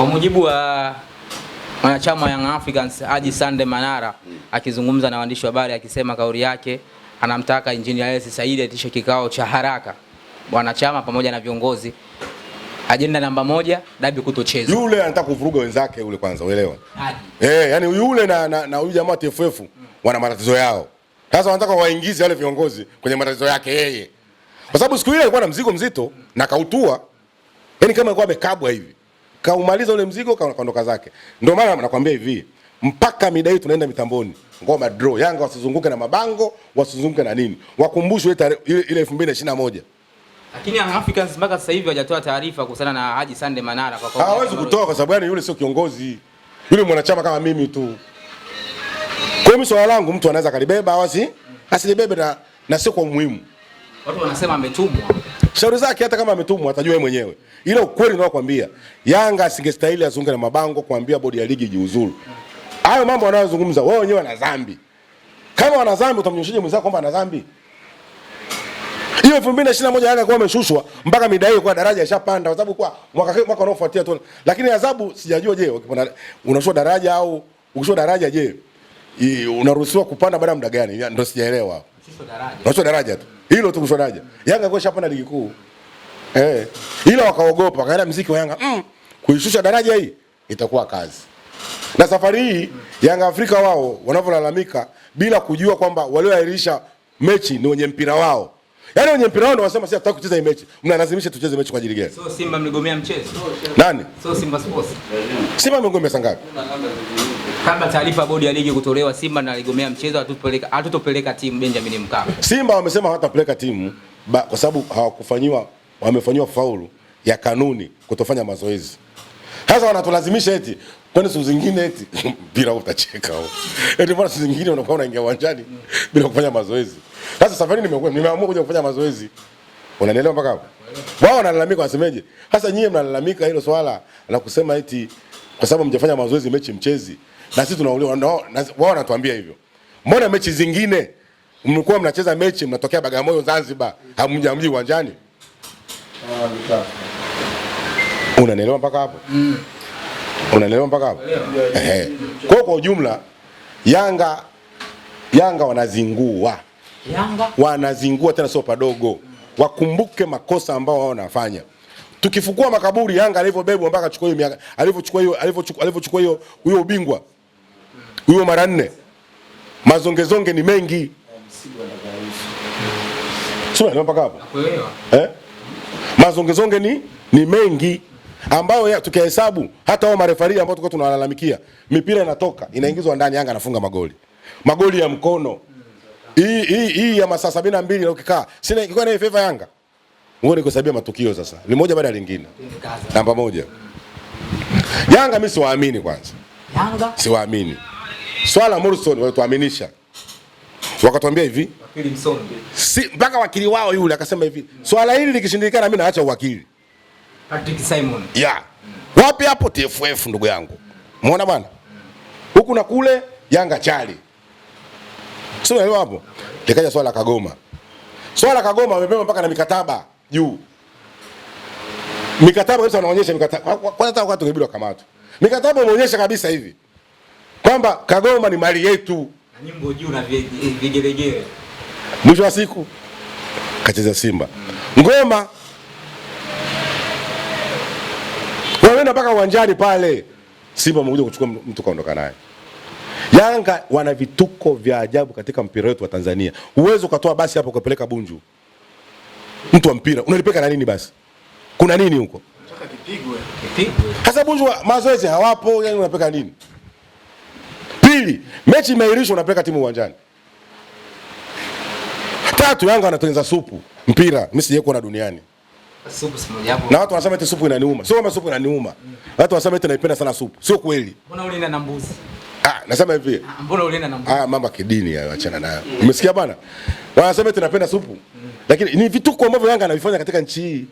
Kwa mujibu wa mwanachama wa Young Africans Haji Sande Manara akizungumza na waandishi wa habari akisema kauli yake anamtaka Injinia Hersi Said aitishe kikao cha haraka wanachama pamoja na viongozi. Ajenda namba moja, dabi kutocheza. Yule anataka kuvuruga wenzake yule, kwanza uelewa. Eh, yani yule na na, na huyu jamaa TFF mm. wana matatizo yao. Sasa wanataka waingize wale viongozi kwenye matatizo yake yeye. Kwa sababu siku ile alikuwa na mzigo mzito mm. na kautua. yani kama alikuwa amekabwa hivi kaumaliza ule mzigo kaondoka zake. Ndio maana nakwambia hivi, mpaka mida hii tunaenda mitamboni, ngoma draw. Yanga wasizunguke na mabango, wasizunguke na nini, wakumbushwe ile ile 2021 lakini Africans mpaka sasa hivi hajatoa taarifa kuhusiana na Haji Sande Manara kwa kwa. Hawezi kutoa kwa sababu yani yule sio kiongozi. Yule mwanachama kama mimi tu. Kwa hiyo swala langu mtu anaweza kalibeba au asi asilibebe na, na sio kwa umuhimu. Watu wanasema ametumwa shauri zake, hata kama ametumwa atajua yeye mwenyewe. Ile ukweli naokwambia, Yanga asingestahili azunge na mabango kuambia bodi ya ligi jiuzuru. Hayo mambo wanayozungumza wao wenyewe wana dhambi. Kama wana dhambi, utamnyoshaje mwenzako kwamba ana dhambi? Hiyo 2021 Yanga kwa ameshushwa mpaka midai kwa daraja ishapanda, kwa sababu kwa mwaka mwaka unaofuatia tu. Lakini adhabu sijajua, je, unashua daraja au ukishua daraja, je, unaruhusiwa kupanda baada ya muda gani? Ndio sijaelewa. hapo nusu oh, daraja tu, hilo tu nusu daraja. Yanga kwa shapanda ligi kuu eh, ila wakaogopa, kaenda mziki wa Yanga mm, kuishusha daraja hii itakuwa kazi. Na safari hii Yanga Afrika wao wanavyolalamika bila kujua kwamba walioahirisha mechi ni wenye mpira wao. Yaani wenye mpira wao ndio wanasema sisi hatutaki kucheza hii mechi. Mnalazimisha tucheze mechi kwa ajili gani? Sio Simba mligomea mchezo. Nani? Sio Simba Sports. Simba mligomea sangapi? Kabla taarifa bodi ya ligi kutolewa, Simba na ligomea mchezo, hatutopeleka hatutopeleka timu Benjamin Mkapa. Simba wamesema hawatapeleka timu ba, kwa sababu hawakufanyiwa, wamefanyiwa faulu ya kanuni kutofanya mazoezi. Sasa wanatulazimisha eti kwani siku zingine eti bila utacheka au. Eti bwana siku zingine unakuwa unaingia uwanjani bila kufanya mazoezi. Sasa safari nimekuwa nimeamua kuja kufanya mazoezi. Unanielewa mpaka hapo? Wao wanalalamika wasemeje? Sasa nyie mnalalamika hilo swala la kusema eti kwa sababu mjafanya mazoezi mechi mchezi na sisi tunauliwa no, wao wanatuambia hivyo. Mbona mechi zingine mlikuwa mnacheza mechi mnatokea Bagamoyo Zanzibar, hamjamji uwanjani? Unanielewa mpaka hapo? Mm. Unanielewa mpaka hapo? Ehe. Kwa kwa ujumla Yanga Yanga wanazingua. Yanga wanazingua tena sio padogo. Wakumbuke makosa ambao wao wanafanya. Tukifukua makaburi Yanga alivyobebwa mpaka chukua hiyo miaka alivyochukua hiyo alivyochukua hiyo huyo ubingwa huyo mara nne. Mazongezonge ni mengi mpaka hapo eh? Mazongezonge ni, ni mengi ambayo tukihesabu hata wao marefari ambao tulikuwa tunawalalamikia, mipira inatoka inaingizwa ndani, Yanga anafunga magoli, magoli ya mkono hii hii hii ya masaa sabini na mbili na ukikaa sina ilikuwa na favor Yanga, ni kusabia matukio sasa, ni moja baada ya lingine. Namba moja, Yanga mimi siwaamini kwanza, Yanga siwaamini. Swala Morrison walituaminisha wakatuambia hivi si, mpaka wakili wao yule akasema hivi mm. swala hili likishindikana mimi naacha uwakili Patrick Simon. Yeah. Mm. Wapi hapo TFF ndugu yangu. Muona mm. bwana? mm. Huku na kule Yanga chali. Sio unaelewa hapo? Likaja swala Kagoma. Swala Kagoma wamepema mpaka na mikataba juu. Mikataba kabisa wanaonyesha mikataba. Kwanza hata wakati tungebidi wakamatwa Mikataba imeonyesha kabisa hivi kwamba Kagoma ni mali yetu, mwisho wa siku kacheza Simba Ngoma wameenda mpaka uwanjani pale, Simba wamekuja kuchukua mtu kaondoka naye. Yanga wana vituko vya ajabu katika mpira wetu wa Tanzania. Uwezo ukatoa basi hapo ukapeleka Bunju, mtu wa mpira unalipeka na nini? Basi kuna nini huko? Nataka kipigwe, kipigwe. Sasa Bunju mazoezi hawapo, yani unapeka nini? Pili, mechi imeahirishwa, unapeleka timu uwanjani. Tatu, Yanga anatengeneza supu mpira, mimi sije kuona duniani supu si moja hapo. na watu wanasema eti supu inaniuma. Sio kama supu inaniuma, Mm. watu wanasema eti naipenda sana supu. Sio kweli. Mbona ulienda na mbuzi? Ah, nasema hivi. Ah, mbona ulienda na mbuzi? Ah, mambo ya kidini hayo, achana nayo. Umesikia bwana? Wanasema eti napenda supu, lakini ni vituko ambavyo Yanga anavifanya katika nchi hii,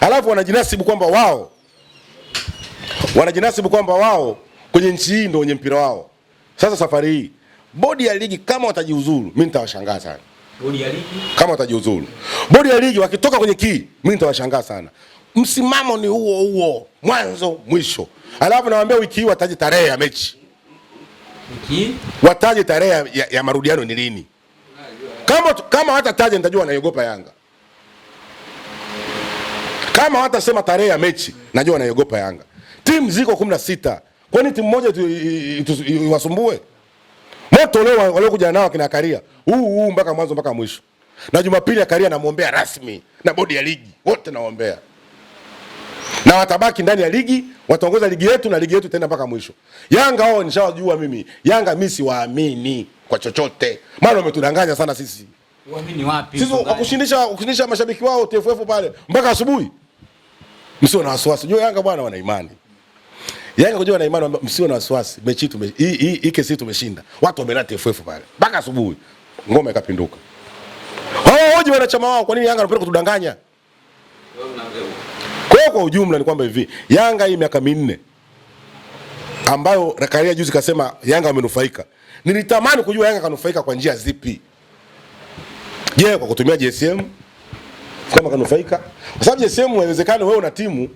alafu wanajinasibu kwamba wao wanajinasibu kwamba wao kwenye nchi hii ndio wenye mpira wao. Sasa safari hii bodi ya ligi kama watajiuzuru, mimi nitawashangaa sana. Bodi ya ligi kama watajiuzuru, bodi ya ligi wakitoka kwenye kii, mimi nitawashangaa sana. Msimamo ni huo huo mwanzo mwisho, alafu nawaambia wiki hii wataje tarehe ya mechi, wiki wataje tarehe ya, ya marudiano ni lini. Kama kama hatataja nitajua naiogopa Yanga. Kama hatasema tarehe ya mechi najua naiogopa Yanga. Timu ziko 16 Kwani timu moja iwasumbue? Moto leo waliokuja nao kina Karia. Huu huu mpaka mwanzo mpaka mwisho. Na Jumapili ya Karia namwombea rasmi na bodi ya ligi. Wote nawaombea. Na watabaki ndani ya ligi, wataongoza ligi yetu na ligi yetu tena mpaka mwisho. Yanga wao nishawajua mimi. Yanga mimi siwaamini kwa chochote. Maana wametudanganya sana sisi. Uamini wapi? Sisi wakushindisha kushindisha mashabiki wao TFF pale mpaka asubuhi. Msio na wasiwasi. Jua Yanga bwana wana imani. Yanga yaani kujua na imani msio na wasiwasi, mechi tume hii hii kesi tumeshinda. Watu wameleta TFF pale. Mpaka asubuhi ngome ikapinduka. Hao hoji wanachama wao kwa nini Yanga anapenda kutudanganya? Kwa hiyo kwa ujumla ni kwamba hivi, Yanga hii miaka minne ambayo Rakaria juzi kasema Yanga wamenufaika. Nilitamani kujua Yanga kanufaika kwa njia zipi? Je, kwa kutumia JSM kama kanufaika? Kwa sababu JSM haiwezekani wewe una timu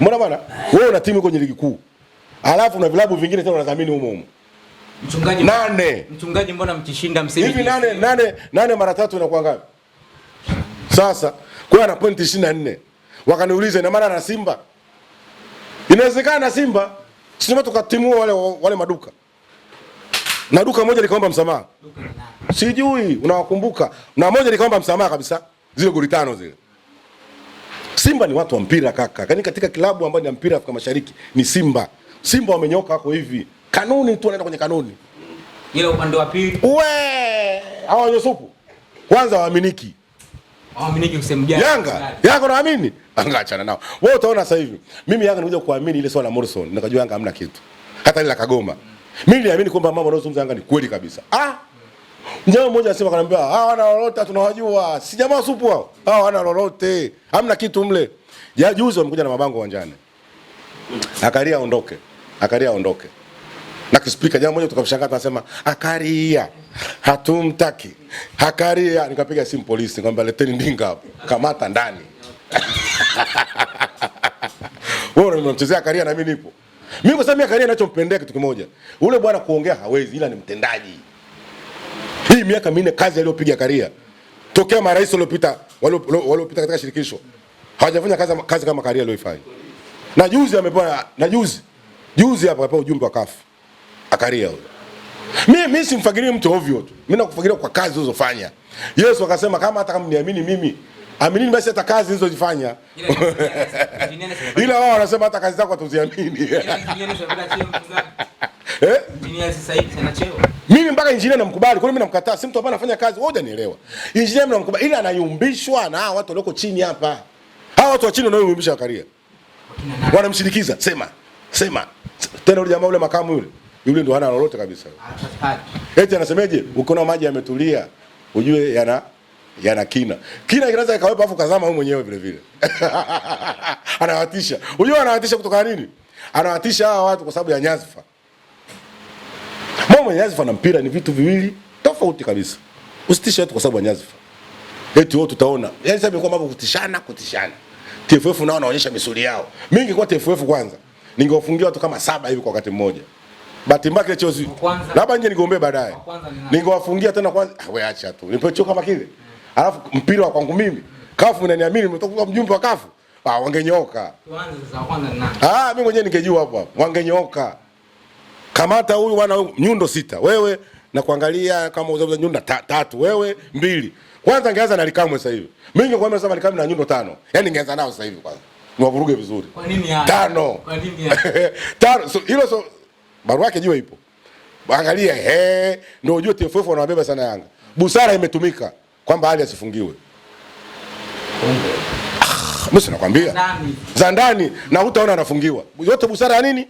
Mbona bwana? Wewe una timu kwenye ligi kuu. Alafu na vilabu vingine tena unadhamini humo humo. Mchungaji nane. Mchungaji mbona mkishinda msimu? Hivi nane nane nane mara tatu inakuwa ngapi? Sasa, kwa ana pointi 24. Wakaniuliza ina maana na Simba. Inawezekana na Simba sisi tukatimua wale wale maduka. Na duka moja likaomba msamaha. Sijui unawakumbuka. Na moja likaomba msamaha kabisa. Zile goli tano zile. Simba ni watu wa mpira kaka, yaani katika kilabu ambayo ni mpira Afrika Mashariki ni Simba. Simba wamenyoka wako hivi, kanuni tu, wanaenda kwenye kanuni ile. Upande wa pili we hawa wenye supu kwanza waaminiki, waaminiki kusema gani? Yanga Yanga naamini, anga achana nao wewe. Utaona sasa hivi mimi Yanga nikuja kuamini ile swala la Morrison, nikajua Yanga hamna kitu, hata ile la Kagoma mimi niliamini kwamba mambo yanayozungumza Yanga ni kweli kabisa ah Jamaa mmoja anasema kanaambia, ah, wana lolote tunawajua. Si jamaa supu hao. Ah, Hawa wana lolote. Hamna kitu mle. Ya juzi wamekuja na mabango uwanjani. Akaria aondoke. Akaria aondoke. Na kispika jamaa mmoja tukamshangaa anasema, "Akaria hatumtaki." Akaria nikapiga simu polisi nikamwambia leteni ndinga hapo. Kamata ndani. Wewe unamchezea Akaria na mimi nipo. Mimi kwa sababu Akaria anachompendea kitu kimoja. Ule bwana kuongea hawezi ila ni mtendaji miaka minne kazi aliyopiga Karia tokea marais waliopita waliopita katika shirikisho hawajafanya kazi, kazi kama Karia aliyoifanya. Na juzi amepewa na juzi juzi hapa apewa ujumbe wa kafu akaria huyo. Mimi mimi simfagirie mtu ovyo tu. Mimi nakufagiria kwa kazi ulizofanya. Yesu akasema kama hata kama mniamini mimi aminini basi hata kazi nilizozifanya. Ila wao wanasema hata kazi zako hatuziamini. Eh? Mimi mpaka injinia namkubali, kwa mimi namkataa? Si mtu ambaye anafanya kazi, wewe unanielewa. Injinia mimi namkubali ila anayumbishwa na watu walioko chini hapa. Hawa watu wa chini wanaoyumbisha Zakaria. Wanamshinikiza, sema, sema. Tena yule jamaa yule makamu yule. Yule ndo hana lolote kabisa. Eti anasemeje? Ukiona maji yametulia, ujue yana yana kina. Kina kinaweza kikawepo afu kazama wewe mwenyewe vile vile. anawatisha. ujue anawatisha kutoka nini? Anawatisha hawa watu kwa sababu ya nyazifa kama Nyazifa na mpira ni vitu viwili tofauti kabisa. Usitishe watu kwa sababu ya Nyazifa. Eti wao tutaona. Yaani sasa imekuwa mambo kutishana kutishana. TFF nao wanaonyesha misuli yao. Mimi ningekuwa TFF kwanza, ningewafungia watu kama saba hivi kwa wakati mmoja. Bahati mbaya chozi. Labda nje nigombee baadaye. Ningewafungia tena kwanza. Ah, wewe acha tu. Nipe choko kama kile. Alafu mpira wa kwangu mimi. Kafu unaniamini nimetoka mjumbe wa Kafu. Ah, wangenyoka. Tuanze sasa kwanza ni nani? Ah, mimi mwenyewe ningejua hapo hapo. Wangenyooka kamata huyu bwana nyundo sita, wewe na kuangalia kama uzauza nyundo ta, tatu, wewe mbili. Kwanza ngeanza na Likamwe sasa hivi. Mimi ningekuwa sasa Likamwe na nyundo tano. yani ningeanza nao sasa hivi kwanza. Niwavuruge vizuri. Kwa nini haya? Tano. Kwa nini haya? Tano. So, hilo so barua yake jua ipo. Angalia he, ndio ujue TFF wanawabeba sana Yanga. Busara imetumika kwamba hali asifungiwe. Ah, mimi sinakwambia. Za ndani na hutaona anafungiwa. Yote busara ya nini?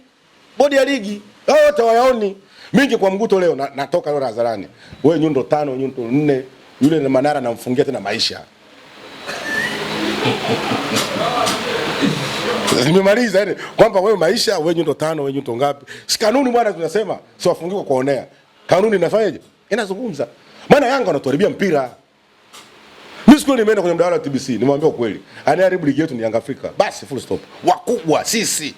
bodi ya ligi hao wote wayaoni. Mingi kwa mguto leo na, natoka leo hadharani. Wewe nyundo tano, nyundo nne, yule na Manara namfungia tena maisha. Nimemaliza yani kwamba wewe maisha, wewe nyundo tano, wewe nyundo ngapi? Si kanuni bwana tunasema, si wafungiwa kuonea. Kanuni inafanyaje? Inazungumza. Maana Yanga wanatuharibia mpira. Mimi siku nimeenda kwenye mdawala wa TBC, nimwambia ukweli. anaharibu ligi yetu ni Yanga Afrika. Basi full stop. Wakubwa sisi.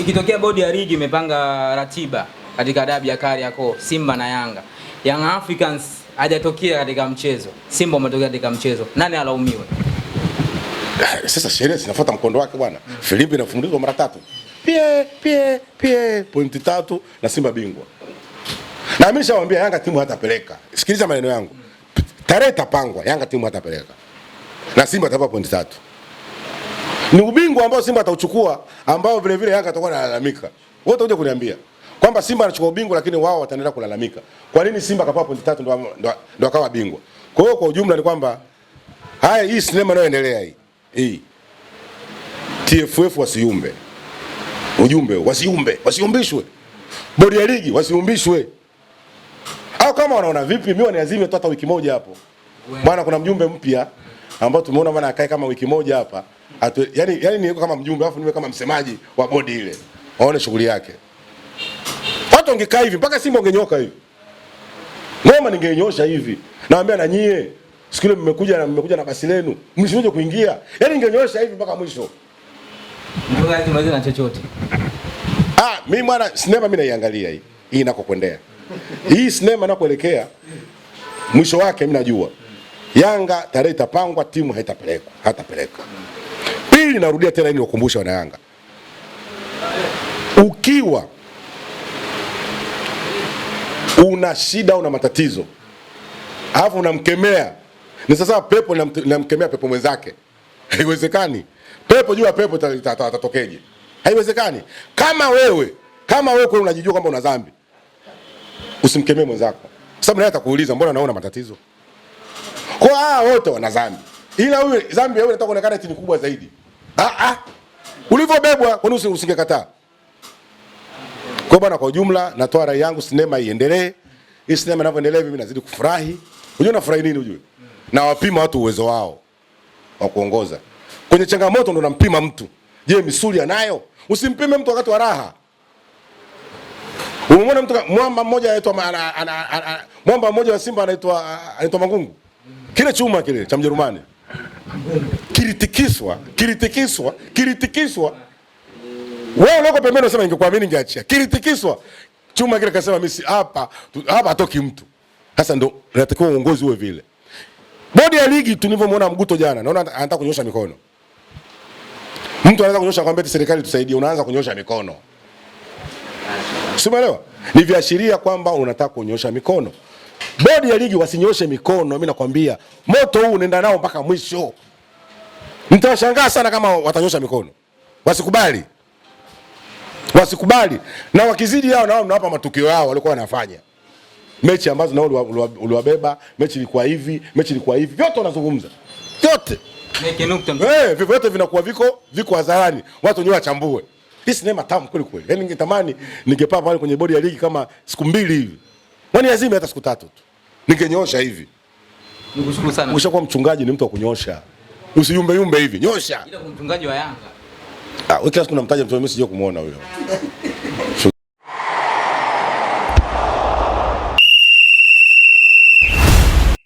Ikitokea bodi ya ligi imepanga ratiba katika dabi ya Kariakoo, Simba na Yanga, Young Africans hajatokea katika mchezo, Simba umetokea katika mchezo, nani alaumiwe? Ah, sasa sheria zinafuata mkondo wake bwana. Mm. Filimbi inafundishwa mara tatu, pie pie pie, pointi tatu na Simba bingwa. Na mimi nishawaambia Yanga timu hatapeleka. Sikiliza maneno yangu. Tarehe itapangwa, Yanga timu hatapeleka na Simba atapata pointi tatu. Ni ubingwa ambao Simba atauchukua ambao vile vile Yanga atakuwa analalamika. Wewe utakuja kuniambia kwamba Simba anachukua ubingwa lakini wao wataendelea kulalamika. Kwa nini Simba kapata pointi tatu ndo ndo akawa bingwa? Kwa hiyo kwa ujumla ni kwamba haya hii sinema inayoendelea hii hii TFF wasiumbe. Ujumbe wasiumbe, wasiumbishwe. Bodi ya ligi wasiumbishwe. Au kama wanaona vipi, mimi waniazime tu hata wiki moja hapo. Bwana, kuna mjumbe mpya ambao tumeona bwana akae kama wiki moja hapa. Atu, yani, yani niko kama mjumbe afu niwe kama msemaji wa bodi ile. Waone shughuli yake. Watu wangekaa hivi mpaka Simba ungenyoka hivi. Ngoma ningenyosha hivi. Naambia na nyie siku ile mmekuja na mmekuja na basi lenu. Msiweje kuingia. Yaani ningenyosha hivi mpaka mwisho. Ndio gani tunaweza na chochote. Ah, mimi mwana sinema mimi naiangalia hii. Hii inako kuendea. Hii sinema inakoelekea mwisho wake mimi najua. Yanga tarehe itapangwa, timu haitapelekwa, hatapeleka. Pili, narudia tena ili wakumbushe wanayanga, ukiwa una shida una matatizo alafu unamkemea ni sasa pepo namkemea pepo mwenzake, haiwezekani. Pepo jua pepo atatokeje? Haiwezekani. Kama wewe kama wewe kwa unajijua kwamba una dhambi, usimkemee mwenzako, sababu naye atakuuliza mbona unaona matatizo. Kwa wote wana dhambi, ila huyu dhambi yeye inataka kuonekana eti ni kubwa zaidi ah ah, ulivyobebwa kwani usingekataa? Kwa bwana, kwa ujumla natoa rai yangu, sinema iendelee. Hii sinema inavyoendelea mimi nazidi kufurahi. Unajua nafurahi nini? ujue? na wapima watu uwezo wao wa kuongoza kwenye changamoto, ndo nampima mtu. Je, misuli anayo? Usimpime mtu wakati wa raha. Umeona mtu mwamba mmoja anaitwa mwamba mmoja wa Simba anaitwa anaitwa Mangungu, kile chuma kile cha Mjerumani kilitikiswa, kilitikiswa, kilitikiswa. Wewe ulioko pembeni unasema ningekuamini ningeachia. Kilitikiswa. Chuma kile kasema mimi hapa hapa hatoki mtu. Sasa ndo natakiwa uongozi uwe vile. Bodi ya ligi tulivyomwona Mguto jana, naona anataka kunyosha mikono. Mtu anaweza kunyosha kwambia eti serikali tusaidie, unaanza kunyosha mikono. Simeelewa? Ni viashiria kwamba unataka kunyosha mikono. Bodi ya ligi wasinyoshe mikono, mimi nakwambia. Moto huu unaenda nao mpaka mwisho. Mtawashangaa sana kama watanyosha mikono. Wasikubali, wasikubali. Na wakizidi yao, na wao mnawapa matukio yao walikuwa wanafanya mechi ambazo nao uliwabeba, mechi ilikuwa hivi, mechi ilikuwa hivi, vyote wanazungumza vyote hey, eh, vyote vinakuwa viko viko hadharani, watu wenyewe wachambue. Hii sinema tamu kweli kweli, yaani ningetamani ningepaa pale kwenye bodi ya ligi kama siku mbili hivi, wani lazima hata siku tatu tu ningenyosha hivi. Nikushukuru sana, ushakuwa mchungaji, ni mtu wa kunyosha. Usiyumbe yumbe hivi. Nyosha. Ila mchungaji wa Yanga. Ah, wewe kila siku unamtaja mtu mimi sije kumuona huyo.